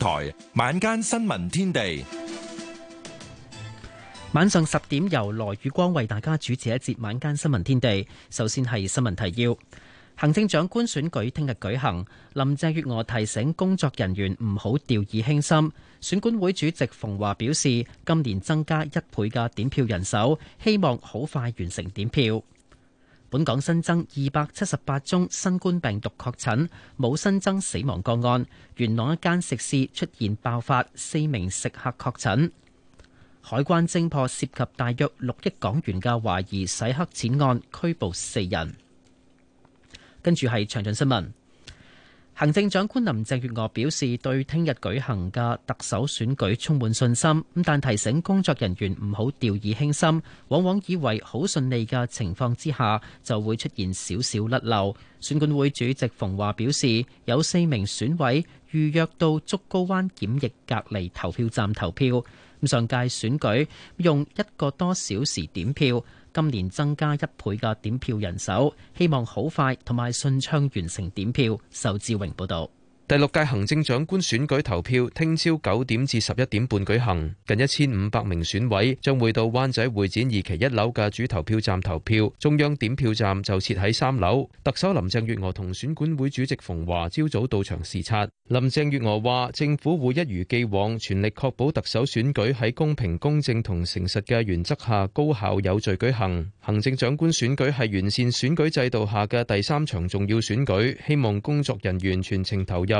台晚間新聞天地，晚上十點由羅宇光為大家主持一節晚間新聞天地。首先係新聞提要，行政長官選舉聽日舉行，林鄭月娥提醒工作人員唔好掉以輕心。選管會主席馮華表示，今年增加一倍嘅點票人手，希望好快完成點票。本港新增二百七十八宗新冠病毒確診，冇新增死亡個案。元朗一間食肆出現爆發，四名食客確診。海關偵破涉及大約六億港元嘅懷疑洗黑錢案，拘捕四人。跟住係詳盡新聞。行政長官林鄭月娥表示對聽日舉行嘅特首選舉充滿信心，咁但提醒工作人員唔好掉以輕心，往往以為好順利嘅情況之下就會出現少少甩漏。選管會主席馮華表示，有四名選委預約到竹篙灣檢疫隔離投票站投票。咁上屆選舉用一個多小時點票。今年增加一倍嘅點票人手，希望好快同埋順暢完成點票。仇志榮報道。第六屆行政長官選舉投票聽朝九點至十一點半舉行，近一千五百名選委將會到灣仔會展二期一樓嘅主投票站投票，中央點票站就設喺三樓。特首林鄭月娥同選管會主席馮華朝早到場視察。林鄭月娥話，政府會一如既往全力確保特首選舉喺公平、公正同誠實嘅原則下高效有序舉行。行政長官選舉係完善選舉制度下嘅第三場重要選舉，希望工作人員全程投入。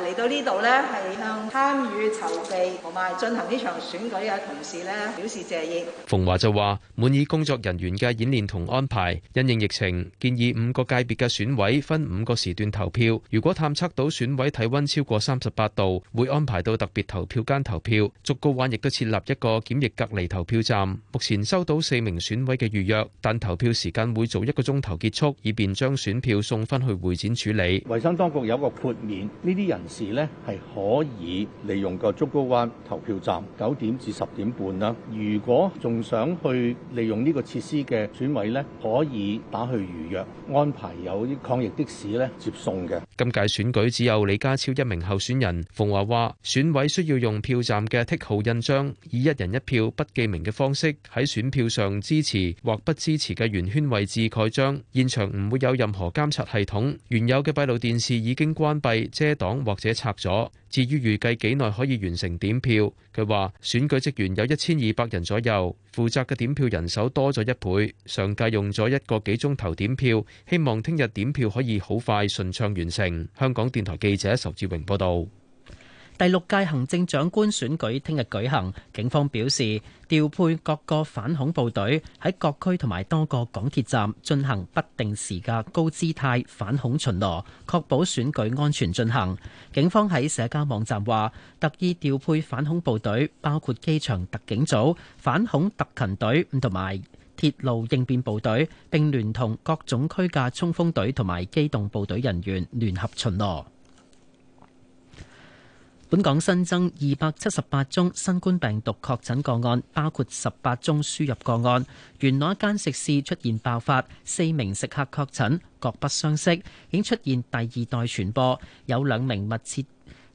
嚟到呢度呢，係向參與籌備同埋進行呢場選舉嘅同事呢表示謝意。馮華就話：滿意工作人員嘅演練同安排，因應疫情，建議五個界別嘅選委分五個時段投票。如果探測到選委體溫超過三十八度，會安排到特別投票間投票。竹篙灣亦都設立一個檢疫隔離投票站。目前收到四名選委嘅預約，但投票時間會早一個鐘頭結束，以便將選票送翻去會展處理。衞生當局有個豁免呢啲人。時呢，係可以利用個竹篙灣投票站，九點至十點半啦。如果仲想去利用呢個設施嘅選委呢，可以打去預約安排有啲抗疫的士呢接送嘅。今屆選舉只有李家超一名候選人。馮華話選委需要用票站嘅剔號印章，以一人一票不記名嘅方式喺選票上支持或不支持嘅圓圈位置蓋章。現場唔會有任何監察系統，原有嘅閉路電視已經關閉遮擋。或。或者拆咗。至於預計幾耐可以完成點票，佢話選舉職員有一千二百人左右，負責嘅點票人手多咗一倍。上屆用咗一個幾鐘頭點票，希望聽日點票可以好快順暢完成。香港電台記者仇志榮報道。第六屆行政長官選舉聽日舉行，警方表示調配各個反恐部隊喺各區同埋多個港鐵站進行不定時嘅高姿態反恐巡邏，確保選舉安全進行。警方喺社交網站話，特意調配反恐部隊，包括機場特警組、反恐特勤隊咁同埋鐵路應變部隊，並聯同各種區嘅衝鋒隊同埋機動部隊人員聯合巡邏。本港新增二百七十八宗新冠病毒確診個案，包括十八宗輸入個案。元朗一間食肆出現爆發，四名食客確診，各不相識，已經出現第二代傳播。有兩名密切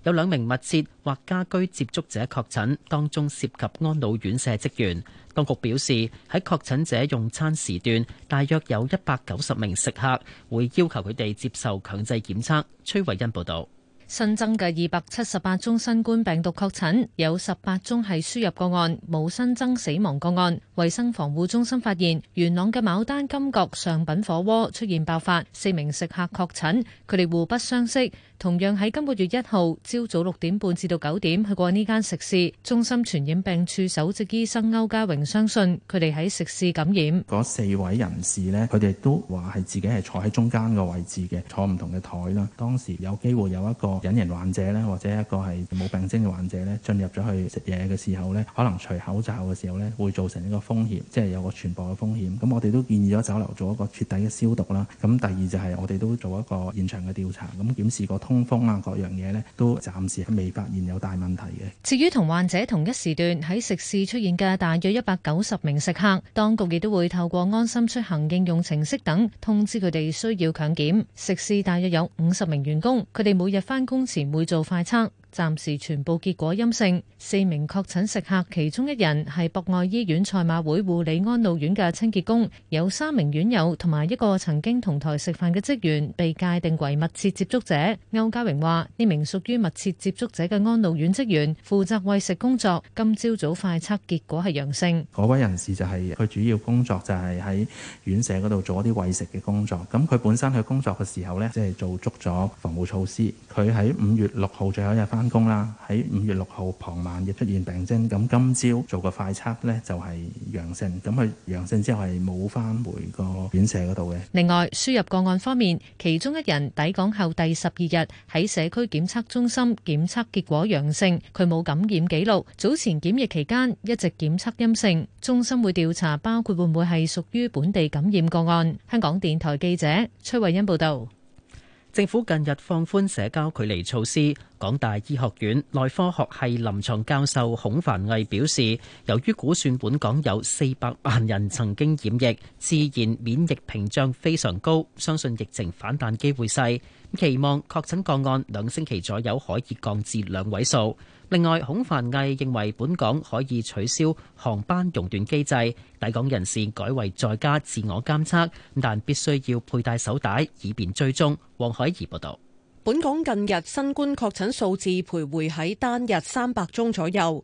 有兩名密切或家居接觸者確診，當中涉及安老院舍職員。當局表示，喺確診者用餐時段，大約有一百九十名食客會要求佢哋接受強制檢測。崔慧恩報道。新增嘅二百七十八宗新冠病毒確診，有十八宗係輸入個案，冇新增死亡個案。衛生防護中心發現，元朗嘅牡丹金閣上品火鍋出現爆發，四名食客確診，佢哋互不相識。同樣喺今個月一號朝早六點半至到九點去過呢間食肆，中心傳染病處首席醫生歐家榮相信佢哋喺食肆感染嗰四位人士呢佢哋都話係自己係坐喺中間個位置嘅，坐唔同嘅枱啦。當時有機會有一個隱形患者呢，或者一個係冇病徵嘅患者呢，進入咗去食嘢嘅時候呢，可能除口罩嘅時候呢，會造成一個風險，即係有個傳播嘅風險。咁我哋都建議咗酒樓做一個徹底嘅消毒啦。咁第二就係我哋都做一個現場嘅調查，咁檢視過。通風啊，各樣嘢呢都暫時係未發現有大問題嘅。至於同患者同一時段喺食肆出現嘅大約一百九十名食客，當局亦都會透過安心出行應用程式等通知佢哋需要強檢。食肆大約有五十名員工，佢哋每日返工前會做快測。暫時全部結果陰性，四名確診食客其中一人係博愛醫院賽馬會護理安老院嘅清潔工，有三名院友同埋一個曾經同台食飯嘅職員被界定為密切接觸者。歐家榮話：呢名屬於密切接觸者嘅安老院職員負責餵食工作，今朝早快測結果係陽性。嗰位人士就係佢主要工作就係喺院舍嗰度做一啲餵食嘅工作。咁佢本身佢工作嘅時候呢，即係做足咗防護措施。佢喺五月六號最後一日翻工啦，喺五月六號傍晚亦出現病徵，咁今朝做個快測呢，就係陽性，咁佢陽性之後係冇翻回個院舍嗰度嘅。另外輸入個案方面，其中一人抵港後第十二日喺社區檢測中心檢測結果陽性，佢冇感染記錄，早前檢疫期間一直檢測陰性，中心會調查包括會唔會係屬於本地感染個案。香港電台記者崔慧欣報道。政府近日放寬社交距離措施，港大醫學院內科學系臨床教授孔凡毅表示，由於估算本港有四百萬人曾經染疫，自然免疫屏障非常高，相信疫情反彈機會細，期望確診個案兩星期左右可以降至兩位數。另外，孔繁毅認為本港可以取消航班熔斷機制，抵港人士改為在家自我監測，但必須要佩戴手帶以便追蹤。黃海怡報導，本港近日新冠確診數字徘徊喺單日三百宗左右。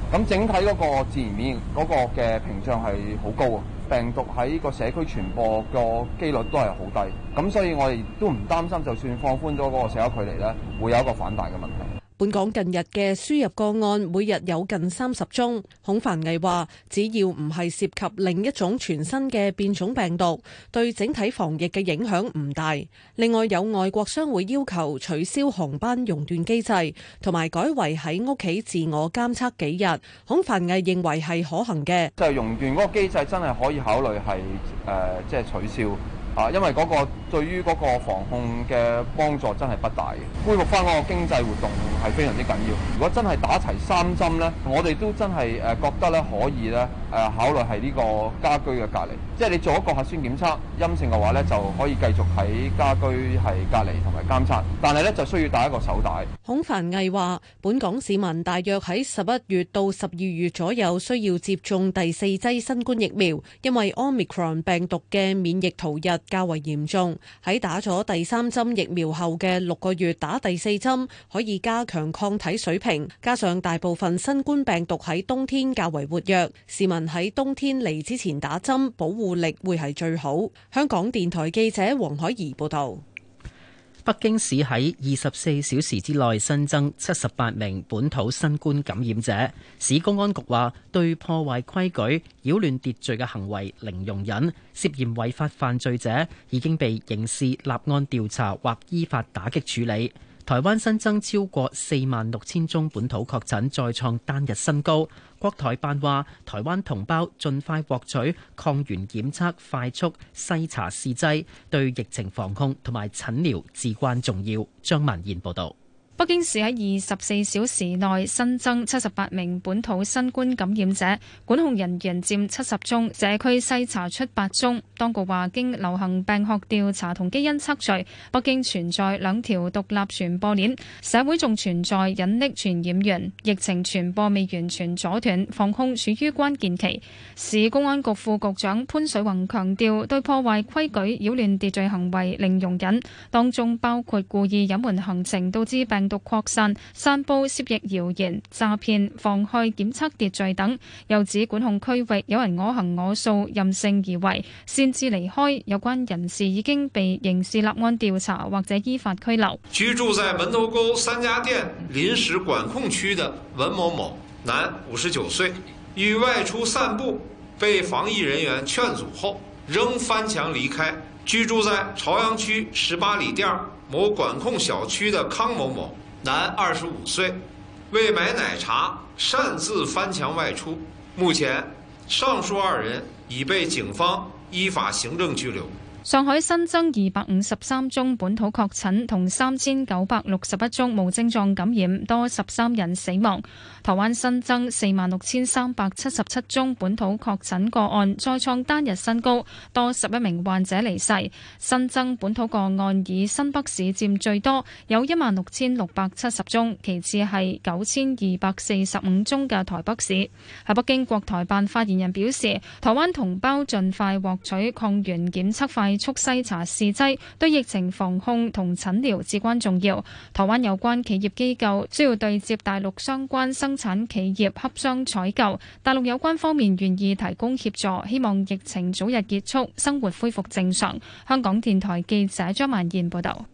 咁整體嗰個自然免疫嗰個嘅屏障係好高啊，病毒喺個社區傳播個幾率都係好低，咁所以我哋都唔擔心，就算放寬咗嗰個社交距離咧，會有一個反彈嘅問題。本港近日嘅輸入個案，每日有近三十宗，孔繁毅話，只要唔係涉及另一種全新嘅變種病毒，對整體防疫嘅影響唔大。另外有外國商會要求取消航班熔斷機制，同埋改為喺屋企自我監測幾日，孔繁毅認為係可行嘅。就係熔斷嗰個機制真係可以考慮係誒即係取消。啊，因為嗰個對於嗰個防控嘅幫助真係不大嘅，恢復返嗰個經濟活動係非常之緊要。如果真係打齊三針呢，我哋都真係誒覺得咧可以咧考慮係呢個家居嘅隔離，即係你做一個核酸檢測陰性嘅話咧，就可以繼續喺家居喺隔離同埋監察。但係咧就需要戴一個手帶。孔繁毅話：本港市民大約喺十一月到十二月左右需要接種第四劑新冠疫苗，因為 Omicron 病毒嘅免疫逃逸。較為嚴重，喺打咗第三針疫苗後嘅六個月打第四針，可以加強抗體水平。加上大部分新冠病毒喺冬天較為活躍，市民喺冬天嚟之前打針，保護力會係最好。香港電台記者黃海怡報道。北京市喺二十四小時之內新增七十八名本土新冠感染者。市公安局話，對破壞規矩、擾亂秩序嘅行為零容忍，涉嫌違法犯罪者已經被刑事立案調查或依法打擊處理。台灣新增超過四萬六千宗本土確診，再創單日新高。國台辦話，台灣同胞盡快獲取抗原檢測快速篩查試劑，對疫情防控同埋診療至關重要。張文賢報道。北京市喺二十四小時內新增七十八名本土新冠感染者，管控人員佔七十宗，社區篩查出八宗。當局話經流行病學調查同基因測序，北京存在兩條獨立傳播鏈，社會仲存在隱匿傳染源，疫情傳播未完全阻斷，防控處於關鍵期。市公安局副局長潘水宏強調，對破壞規矩、擾亂秩序行為零容忍，當中包括故意隱瞞行程導致病毒擴散、散布涉疫謠言、詐騙、妨害檢測秩序等，又指管控區域有人我行我素、任性而為，擅自離開。有關人士已經被刑事立案調查或者依法拘留。居住在門頭溝三家店臨時管控區的文某某，男，五十九歲，於外出散步被防疫人員勸阻後，仍翻牆離開。居住在朝陽區十八里店某管控小區的康某某。男，二十五歲，為買奶茶擅自翻牆外出，目前上述二人已被警方依法行政拘留。上海新增二百五十三宗本土確診同三千九百六十一宗無症狀感染，多十三人死亡。台灣新增四萬六千三百七十七宗本土確診個案，再創單日新高，多十一名患者離世。新增本土個案以新北市佔最多，有一萬六千六百七十宗，其次係九千二百四十五宗嘅台北市。喺北京國台辦發言人表示，台灣同胞盡快獲取抗原檢測快速篩查試劑對疫情防控同診療至關重要。台灣有關企業機構需要對接大陸相關生產企業洽商採購，大陸有關方面願意提供協助，希望疫情早日結束，生活恢復正常。香港電台記者張曼燕報道。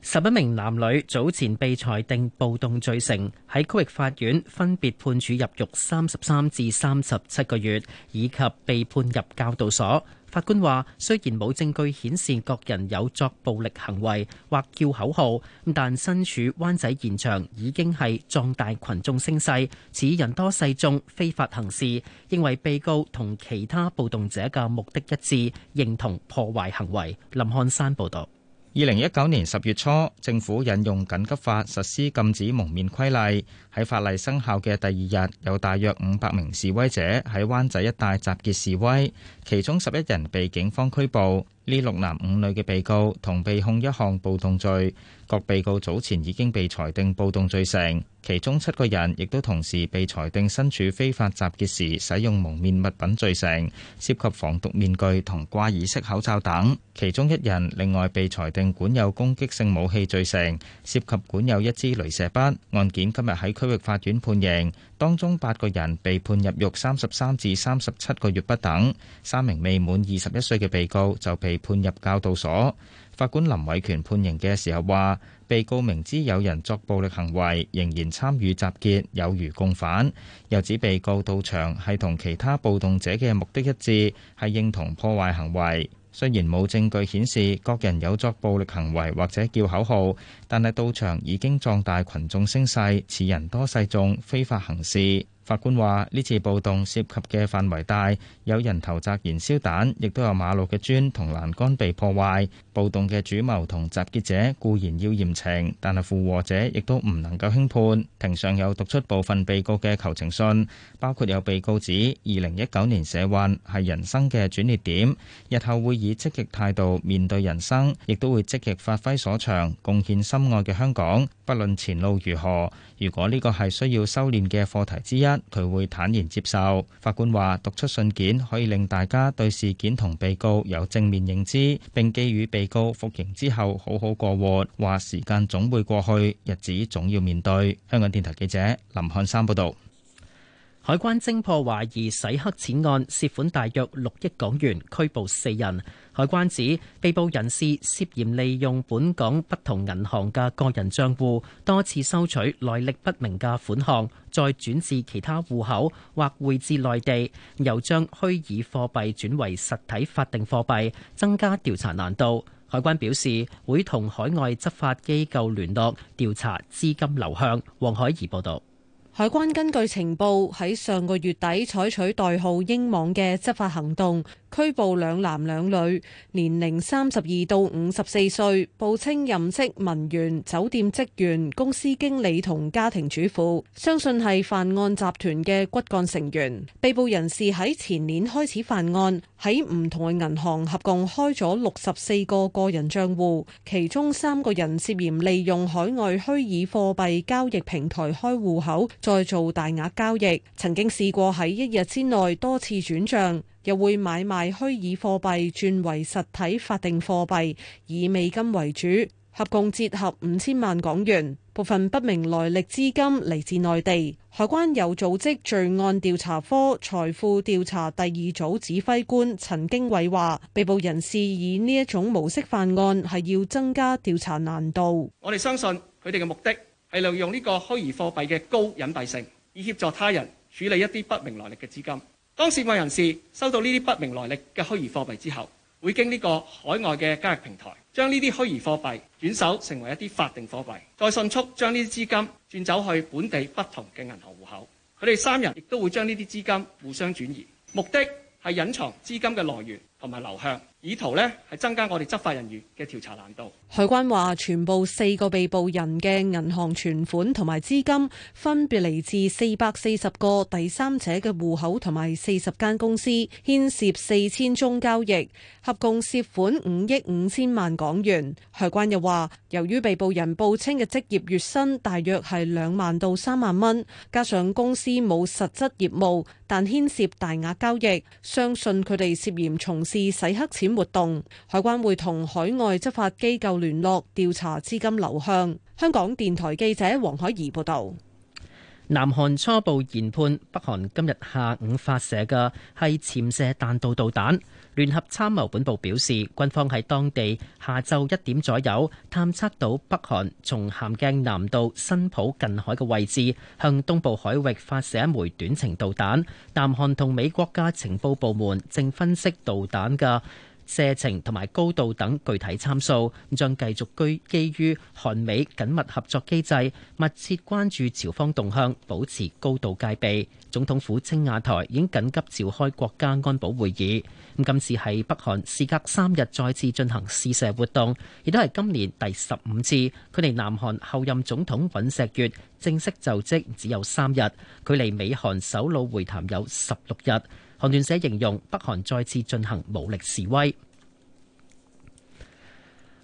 十一名男女早前被裁定暴動罪成，喺區域法院分別判處入獄三十三至三十七個月，以及被判入教導所。法官話：雖然冇證據顯示各人有作暴力行為或叫口號，但身處灣仔現場已經係壯大群眾聲勢，恃人多勢眾非法行事，認為被告同其他暴動者嘅目的一致，認同破壞行為。林漢山報道。二零一九年十月初，政府引用緊急法實施禁止蒙面規例，喺法例生效嘅第二日，有大約五百名示威者喺灣仔一帶集結示威，其中十一人被警方拘捕。呢六男五女嘅被告同被控一項暴動罪，各被告早前已經被裁定暴動罪成，其中七個人亦都同時被裁定身處非法集結時使用蒙面物品罪成，涉及防毒面具同掛耳式口罩等，其中一人另外被裁定管有攻擊性武器罪成，涉及管有一支鐳射筆，案件今日喺區域法院判刑，當中八個人被判入獄三十三至三十七個月不等，三名未滿二十一歲嘅被告就被。判入教導所，法官林偉權判刑嘅時候話，被告明知有人作暴力行為，仍然參與集結，有如共犯。又指被告到場係同其他暴動者嘅目的一致，係認同破壞行為。雖然冇證據顯示各人有作暴力行為或者叫口號，但係到場已經壯大群眾聲勢，恃人多勢眾，非法行事。法官話：呢次暴動涉及嘅範圍大，有人投擲燃燒彈，亦都有馬路嘅磚同欄杆被破壞。暴動嘅主謀同集結者固然要嚴懲，但係附和者亦都唔能夠輕判。庭上有讀出部分被告嘅求情信，包括有被告指二零一九年社運係人生嘅轉捩點，日後會以積極態度面對人生，亦都會積極發揮所長，貢獻心愛嘅香港。不論前路如何，如果呢個係需要修煉嘅課題之一，佢會坦然接受。法官話讀出信件可以令大家對事件同被告有正面認知，並寄予被告服刑之後好好過活。話時間總會過去，日子總要面對。香港電台記者林漢山報道。海關偵破懷疑洗黑錢案，涉款大約六億港元，拘捕四人。海關指，被捕人士涉嫌利用本港不同銀行嘅個人賬戶，多次收取來歷不明嘅款項，再轉至其他戶口或匯至內地，又將虛擬貨幣轉為實體法定貨幣，增加調查難度。海關表示，會同海外執法機構聯絡，調查資金流向。黃海怡報道。海關根據情報喺上個月底採取代號「英網」嘅執法行動。拘捕兩男兩女，年齡三十二到五十四歲，報稱任職文員、酒店職員、公司經理同家庭主婦，相信係犯案集團嘅骨幹成員。被捕人士喺前年開始犯案，喺唔同嘅銀行合共開咗六十四個個人賬戶，其中三個人涉嫌利用海外虛擬貨幣交易平台開戶口，再做大額交易。曾經試過喺一日之內多次轉賬。又會買賣虛擬貨幣轉為實體法定貨幣，以美金為主，合共折合五千萬港元。部分不明來歷資金嚟自內地。海關有組織罪案調查科財富調查第二組指揮官陳經偉話：被捕人士以呢一種模式犯案係要增加調查難度。我哋相信佢哋嘅目的係利用呢個虛擬貨幣嘅高隱蔽性，以協助他人處理一啲不明來歷嘅資金。當涉案人士收到呢啲不明來歷嘅虛擬貨幣之後，會經呢個海外嘅交易平台，將呢啲虛擬貨幣轉手成為一啲法定貨幣，再迅速將呢啲資金轉走去本地不同嘅銀行戶口。佢哋三人亦都會將呢啲資金互相轉移，目的係隱藏資金嘅來源同埋流向。以圖呢，係增加我哋執法人員嘅調查難度。海關話，全部四個被捕人嘅銀行存款同埋資金分別嚟自四百四十個第三者嘅戶口同埋四十間公司，牽涉四千宗交易，合共涉款五億五千萬港元。海關又話，由於被捕人報稱嘅職業月薪大約係兩萬到三萬蚊，加上公司冇實質業務，但牽涉大額交易，相信佢哋涉嫌從事洗黑錢。活動，海關會同海外執法機構聯絡，調查資金流向。香港電台記者黃海怡報道。南韓初步研判，北韓今日下午發射嘅係潛射彈道導彈。聯合參謀本部表示，軍方喺當地下晝一點左右探測到北韓從咸鏡南道新浦近海嘅位置，向東部海域發射一枚短程導彈。南韓同美國家情報部門正分析導彈嘅。射程同埋高度等具體參數，將繼續居基於韓美緊密合作機制，密切關注朝方動向，保持高度戒備。總統府青瓦台已經緊急召開國家安保會議。咁今次係北韓事隔三日再次進行試射活動，亦都係今年第十五次。距離南韓候任總統尹錫悅正式就職只有三日，距離美韓首腦會談有十六日。韓聯社形容北韓再次進行武力示威。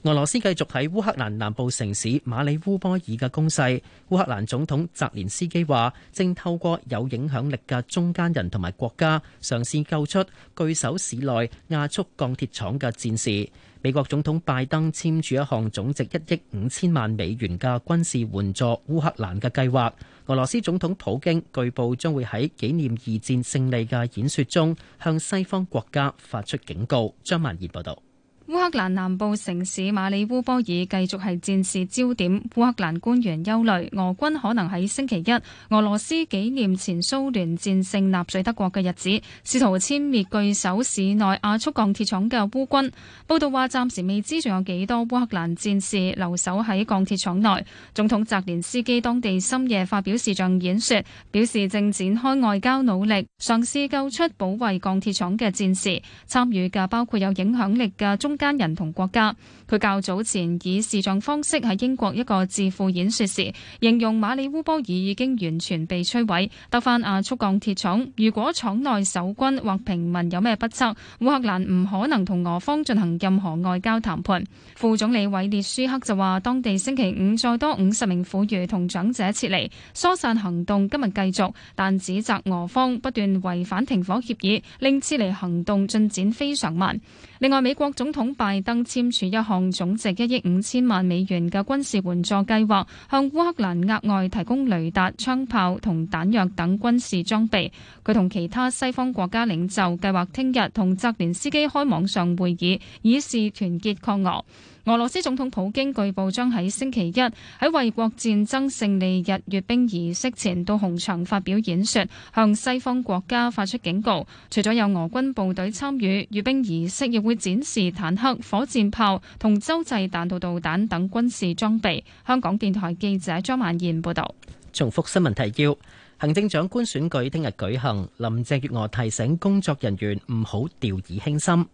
俄羅斯繼續喺烏克蘭南部城市馬里烏波爾嘅攻勢。烏克蘭總統澤連斯基話，正透過有影響力嘅中間人同埋國家，嘗試救出據守市內亞速鋼鐵廠嘅戰士。美國總統拜登簽署一項總值一億五千萬美元嘅軍事援助烏克蘭嘅計劃。俄羅斯總統普京據報將會喺紀念二戰勝利嘅演說中，向西方國家發出警告。張萬賢報道。烏克蘭南部城市馬里烏波爾繼續係戰事焦點，烏克蘭官員憂慮俄軍可能喺星期一，俄羅斯紀念前蘇聯戰，戰勝納粹德國嘅日子，試圖殲滅據守市內亞速鋼鐵廠嘅烏軍。報道話，暫時未知仲有幾多烏克蘭戰士留守喺鋼鐵廠內。總統澤連斯基當地深夜發表視像演說，表示正展開外交努力，嘗試救出保衛鋼鐵廠嘅戰士。參與嘅包括有影響力嘅中。間人同國家，佢較早前以視像方式喺英國一個智庫演說時，形容馬里烏波爾已經完全被摧毀，得返亞速鋼鐵廠。如果廠內守軍或平民有咩不測，烏克蘭唔可能同俄方進行任何外交談判。副總理韋列舒克就話，當地星期五再多五十名婦孺同長者撤離，疏散行動今日繼續，但指責俄方不斷違反停火協議，令撤離行動進展非常慢。另外，美國總統拜登簽署一項總值一億五千萬美元嘅軍事援助計劃，向烏克蘭額外提供雷達、槍炮同彈藥等軍事裝備。佢同其他西方國家領袖計劃聽日同澤連斯基開網上會議，以示團結抗俄。俄羅斯總統普京據報將喺星期一喺衛國戰爭勝利日閱兵儀式前到紅場發表演說，向西方國家發出警告。除咗有俄軍部隊參與閲兵儀式，亦會展示坦克、火箭炮同洲際彈道導彈等軍事裝備。香港電台記者張曼燕報道。重複新聞提要：行政長官選舉聽日舉行，林鄭月娥提醒工作人員唔好掉以輕心。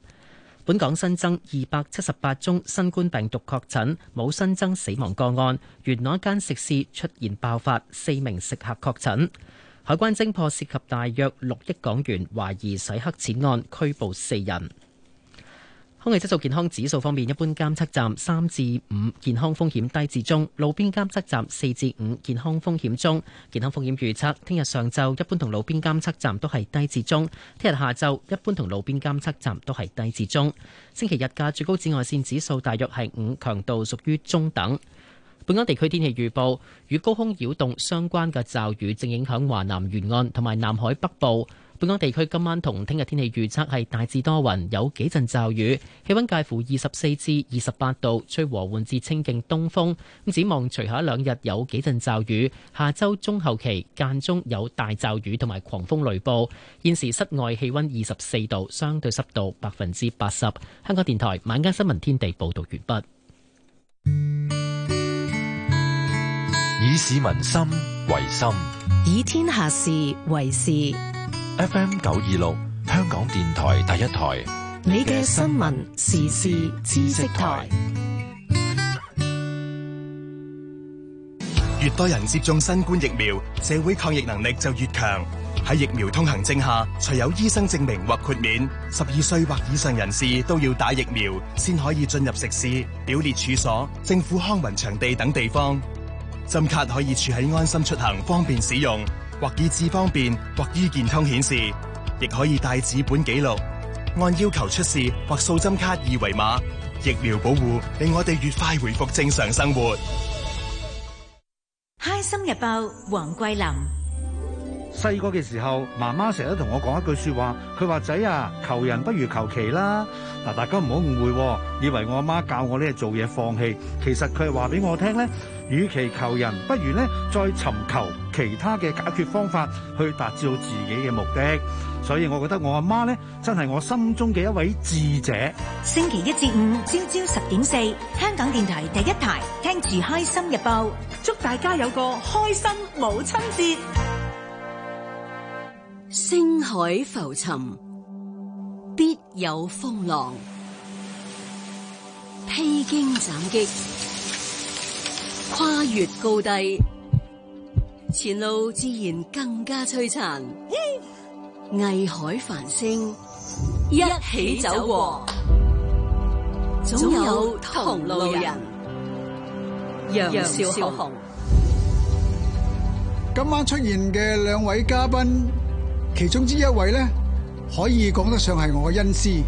本港新增二百七十八宗新冠病毒確診，冇新增死亡個案。元朗一間食肆出現爆發，四名食客確診。海關偵破涉及大約六億港元懷疑洗黑錢案，拘捕四人。空氣質素健康指數方面，一般監測站三至五，健康風險低至中；路邊監測站四至五，健康風險中。健康風險預測：聽日上晝一般同路邊監測站都係低至中；聽日下晝一般同路邊監測站都係低至中。星期日嘅最高紫外線指數大約係五，強度屬於中等。本港地區天氣預報：與高空擾動相關嘅驟雨正影響華南沿岸同埋南海北部。本港地區今晚同聽日天氣預測係大致多雲，有幾陣驟雨，氣溫介乎二十四至二十八度，吹和緩至清勁東風。咁展望，隨後兩日有幾陣驟雨，下周中後期間中有大驟雨同埋狂風雷暴。現時室外氣溫二十四度，相對濕度百分之八十。香港電台晚間新聞天地報道完畢。以市民心為心，以天下事為事。FM 九二六，香港電台第一台。你嘅新聞時事知識台。越多人接種新冠疫苗，社會抗疫能力就越強。喺疫苗通行證下，除有醫生證明或豁免，十二歲或以上人士都要打疫苗，先可以進入食肆、表列處所、政府康文場地等地方。針卡可以儲喺安心出行，方便使用。或以智方便，或醫健通顯示，亦可以帶紙本記錄，按要求出示或掃針卡二維碼，疫苗保護令我哋越快回復正常生活。開心日報，黃桂林。細個嘅時候，媽媽成日同我講一句說話，佢話仔啊，求人不如求其啦。嗱，大家唔好誤會，以為我阿媽教我呢做嘢放棄，其實佢係話俾我聽呢，與其求人，不如呢再尋求其他嘅解決方法去達到自己嘅目的。所以我覺得我阿媽呢，真係我心中嘅一位智者。星期一至五，朝朝十點四，香港電台第一台，聽住《開心日報》，祝大家有個開心母親節。星海浮沉，必有風浪；披荊斬棘，跨越高低，前路自然更加璀璨。藝 海繁星，一起走過，總有同路人。楊少雄，今晚出現嘅兩位嘉賓。其中之一位咧，可以講得上係我嘅恩師，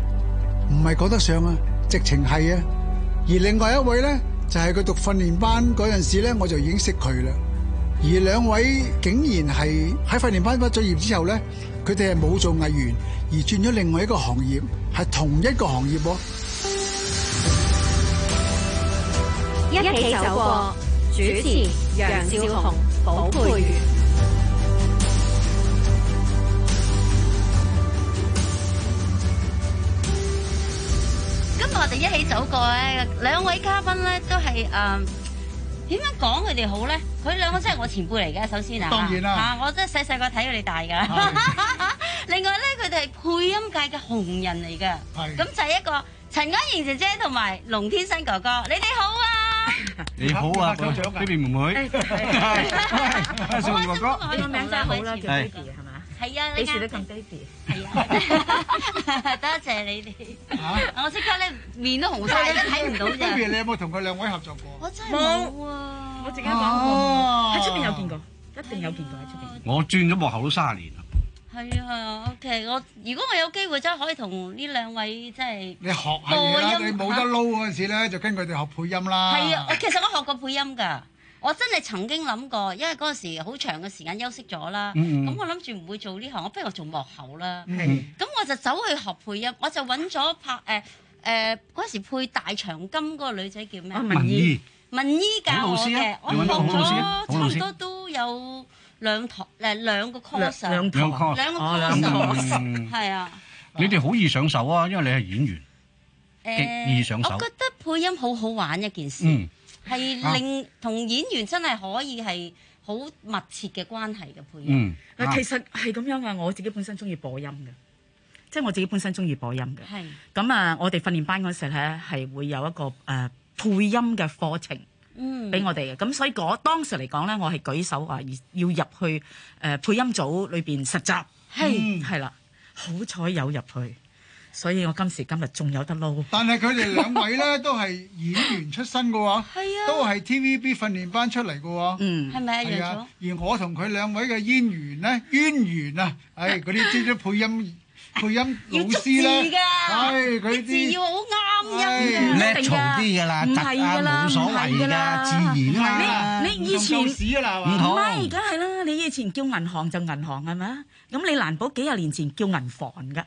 唔係講得上啊，直情係啊。而另外一位咧，就係、是、佢讀訓練班陣時咧，我就已經識佢啦。而兩位竟然係喺訓練班畢咗業之後咧，佢哋係冇做藝員，而轉咗另外一個行業，係同一個行業喎。一起走過，主持楊少雄、寶佩如。首個咧，兩位嘉賓咧都係誒點樣講佢哋好咧？佢兩個真係我前輩嚟嘅，首先啊，當然啦，我真係細細個睇佢哋大噶。 另外咧，佢哋係配音界嘅紅人嚟嘅，咁是就係一個陳嘉賢姐姐同埋龍天生哥哥。你哋好啊！你好啊，長長 baby 妹妹，阿蘇哥哥，我用名啦，好啦，係啊，你似得咁 baby，係啊，多謝你哋，啊、我即刻咧面都紅晒，睇唔到啫。baby，你有冇同佢兩位合作過？我真係冇啊，啊我自己講喎，喺出邊有見過，一定有見過喺出邊。啊、我轉咗幕後都三十年，年啊，係啊，OK，我如果我有機會真係可以同呢兩位即係你學下嘅，你冇得撈嗰陣時咧，就跟佢哋學配音啦。係啊，我其實我學過配音㗎。我真係曾經諗過，因為嗰陣時好長嘅時間休息咗啦，咁我諗住唔會做呢行，我不如我做幕後啦。咁我就走去學配音，我就揾咗拍誒誒嗰陣時配大長今嗰個女仔叫咩？文姨，文姨教我嘅，我學咗差唔多都有兩堂誒兩個 course，兩個 course，係啊。你哋好易上手啊，因為你係演員，極易上手。我覺得配音好好玩一件事。係令同演員真係可以係好密切嘅關係嘅配音。嗯、其實係咁樣嘅，我自己本身中意播音嘅，即、就、係、是、我自己本身中意播音嘅。係咁啊，我哋訓練班嗰時咧，係會有一個、呃、配音嘅課程，嗯，俾我哋嘅。咁所以嗰當時嚟講咧，我係舉手話要入去配音組裏面實習，係係啦，嗯、好彩有入去。所以我今時今日仲有得撈，但係佢哋兩位咧都係演員出身嘅喎，都係 T.V.B. 訓練班出嚟嘅喎，嗯係咪一樣？而我同佢兩位嘅演員咧，淵源啊，誒嗰啲專業配音配音老師啦，誒嗰啲字要好啱音，嘈啲嘅啦，唔係嘅啦，冇所謂嘅啦，自然啊，你你以前唔係梗係啦，你以前叫銀行就銀行係咪？咁你難保幾廿年前叫銀房嘅。